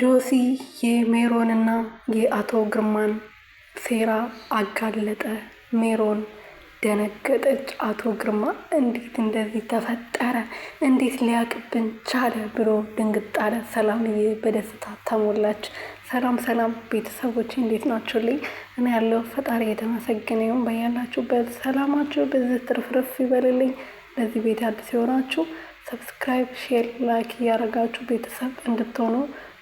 ጆሲ የሜሮንና የአቶ ግርማን ሴራ አጋለጠ። ሜሮን ደነገጠች። አቶ ግርማ እንዴት እንደዚህ ተፈጠረ? እንዴት ሊያቅብን ቻለ? ብሎ ድንግጣለ። ሰላምዬ በደስታ ተሞላች። ሰላም ሰላም ቤተሰቦች እንዴት ናችሁልኝ? እኔ ያለው ፈጣሪ የተመሰገነ ይሁን። በያላችሁበት ሰላማችሁ በዚህ ትርፍርፍ ይበልልኝ። ለዚህ ቤት አዲስ የሆናችሁ ሰብስክራይብ፣ ሼር፣ ላይክ እያደረጋችሁ ቤተሰብ እንድትሆኑ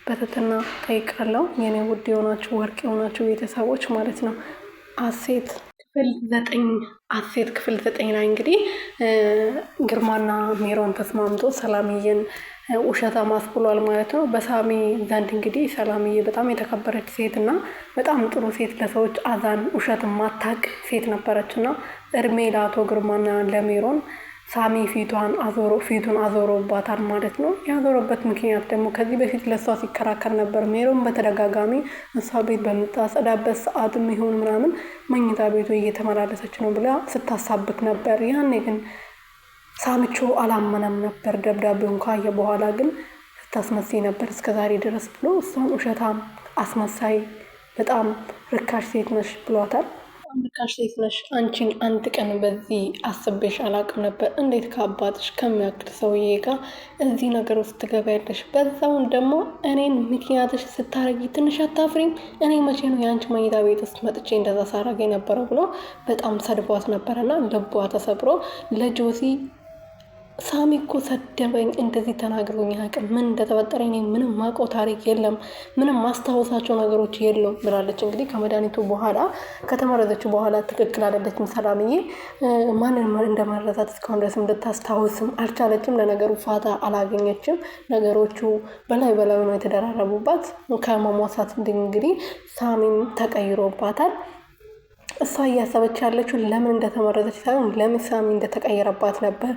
በትህትና ጠይቃለሁ። የኔ ውድ የሆናችሁ ወርቅ የሆናችሁ ቤተሰቦች ማለት ነው። አሴት ክፍል ዘጠኝ አሴት ክፍል ዘጠኝ ላይ እንግዲህ ግርማና ሜሮን ተስማምቶ ሰላምዬን ውሸታ ማስብሏል ማለት ነው። በሳሚ ዘንድ እንግዲህ ሰላምዬ በጣም የተከበረች ሴት እና በጣም ጥሩ ሴት፣ ለሰዎች አዛን ውሸት ማታቅ ሴት ነበረች እና እድሜ ለአቶ ግርማና ለሜሮን ሳሚ ፊቷን አዞሮ ፊቱን አዞሮባታል ማለት ነው። ያዞሮበት ምክንያት ደግሞ ከዚህ በፊት ለእሷ ሲከራከር ነበር። ሜሮን በተደጋጋሚ እሷ ቤት በምታጸዳበት ሰዓት የሚሆን ምናምን መኝታ ቤቱ እየተመላለሰች ነው ብላ ስታሳብክ ነበር። ያኔ ግን ሳምቾ አላመነም ነበር። ደብዳቤውን ካየ በኋላ ግን ስታስመሳይ ነበር እስከዛሬ ድረስ ብሎ እሷን ውሸታም አስመሳይ፣ በጣም ርካሽ ሴት ነሽ ብሏታል። ተመልካች ሴት ነሽ፣ አንቺን አንድ ቀን በዚህ አስቤሽ አላቅም ነበር። እንዴት ከአባትሽ ከሚያክል ሰውዬ ጋር እዚህ ነገር ውስጥ ትገቢያለሽ? በዛውን ደግሞ እኔን ምክንያትሽ ስታረጊ ትንሽ አታፍሪም? እኔ መቼ ነው የአንቺ መኝታ ቤት ውስጥ መጥቼ እንደዛ ሳረገ ነበረው ብሎ በጣም ሰድቧት ነበረና ልቧ ተሰብሮ ለጆሲ ሳሚ እኮ ሰደበኝ፣ እንደዚህ ተናግሮኝ አያውቅም። ምን እንደተፈጠረ እኔ ምንም ማውቀው ታሪክ የለም፣ ምንም ማስታወሳቸው ነገሮች የለም ብላለች። እንግዲህ ከመድኃኒቱ በኋላ ከተመረዘች በኋላ ትክክል አይደለችም ሰላምዬ። ማንን እንደመረዛት እስካሁን ድረስ እንድታስታውስም አልቻለችም። ለነገሩ ፋታ አላገኘችም። ነገሮቹ በላይ በላይ ነው የተደራረቡባት። ከመሟሳት እንግዲህ ሳሚም ተቀይሮባታል። እሷ እያሰበች ያለችው ለምን እንደተመረዘች ሳይሆን ለምን ሳሚ እንደተቀየረባት ነበር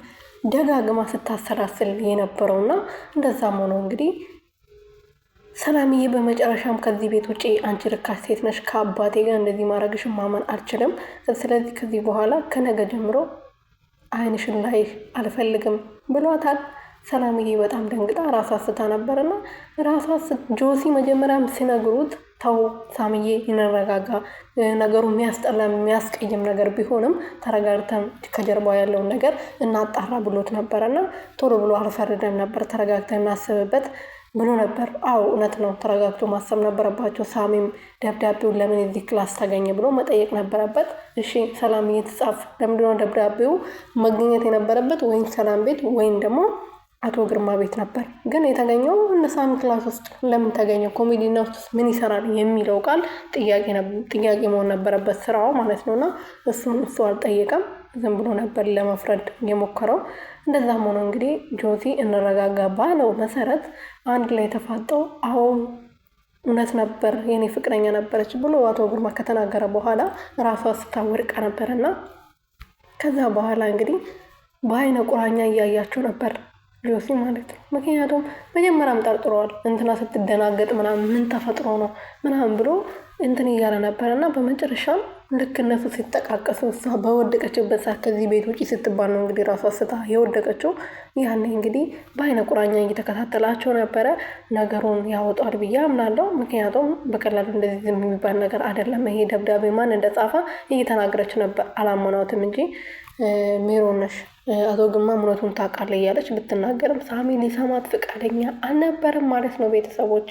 ደጋግማ ስታሰላስል የነበረውና እንደዛም ሆኖ እንግዲህ ሰላምዬ በመጨረሻም ከዚህ ቤት ውጪ አንቺ ርካሽ ሴት ነሽ፣ ከአባቴ ጋር እንደዚህ ማድረግሽ ማመን አልችልም። ስለዚህ ከዚህ በኋላ ከነገ ጀምሮ አይንሽን ላይ አልፈልግም ብሏታል። ሰላምዬ በጣም ደንግጣ ራሷ ስታ ነበርና ራሷ ጆሲ መጀመሪያም ሲነግሩት ተው ሳምዬ ይነረጋጋ። ነገሩ የሚያስጠላ የሚያስቀይም ነገር ቢሆንም ተረጋግተን ከጀርባ ያለውን ነገር እናጣራ ብሎት ነበረና ቶሎ ብሎ አልፈርደም ነበር። ተረጋግተን እናስብበት ብሎ ነበር። አዎ እውነት ነው፣ ተረጋግቶ ማሰብ ነበረባቸው። ሳሚም ደብዳቤውን ለምን እዚህ ክላስ ተገኘ ብሎ መጠየቅ ነበረበት። እሺ ሰላም እየተጻፍ ለምንድነው ደብዳቤው መገኘት የነበረበት ወይም ሰላም ቤት ወይም ደግሞ አቶ ግርማ ቤት ነበር። ግን የተገኘው እነሳም ክላስ ውስጥ ለምን ተገኘ፣ ኮሜዲና ውስጥ ምን ይሰራል የሚለው ቃል ጥያቄ መሆን ነበረበት ስራው ማለት ነው። እና እሱን እሱ አልጠየቀም፣ ዝም ብሎ ነበር ለመፍረድ የሞከረው። እንደዛም ሆኖ እንግዲህ ጆሲ እንረጋጋ ባለው መሰረት አንድ ላይ ተፋጠው አሁን እውነት ነበር የኔ ፍቅረኛ ነበረች ብሎ አቶ ግርማ ከተናገረ በኋላ ራሷ ነበር ነበርና ከዛ በኋላ እንግዲህ በአይነ ቁራኛ እያያቸው ነበር ጆሲ ማለት ነው። ምክንያቱም መጀመሪያም ጠርጥረዋል። እንትና ስትደናገጥ ምናምን ምን ተፈጥሮ ነው ምናምን ብሎ እንትን እያለ ነበረ እና በመጨረሻም ልክ እነሱ ሲጠቃቀሱ እሷ በወደቀችበት ሰዓት ከዚህ ቤት ውጪ ስትባል ነው እንግዲህ ራሷ ስታ የወደቀችው። ያኔ እንግዲህ በአይነ ቁራኛ እየተከታተላቸው ነበረ። ነገሩን ያወጧል ብዬ አምናለሁ። ምክንያቱም በቀላሉ እንደዚህ ዝም የሚባል ነገር አይደለም። ይሄ ደብዳቤ ማን እንደጻፈ እየተናገረች ነበር። አላመናትም እንጂ ሜሮነሽ አቶ ግርማ እውነቱን ታውቃለህ እያለች ብትናገርም ሳሚ ሊሰማት ፈቃደኛ አልነበረም ማለት ነው ቤተሰቦች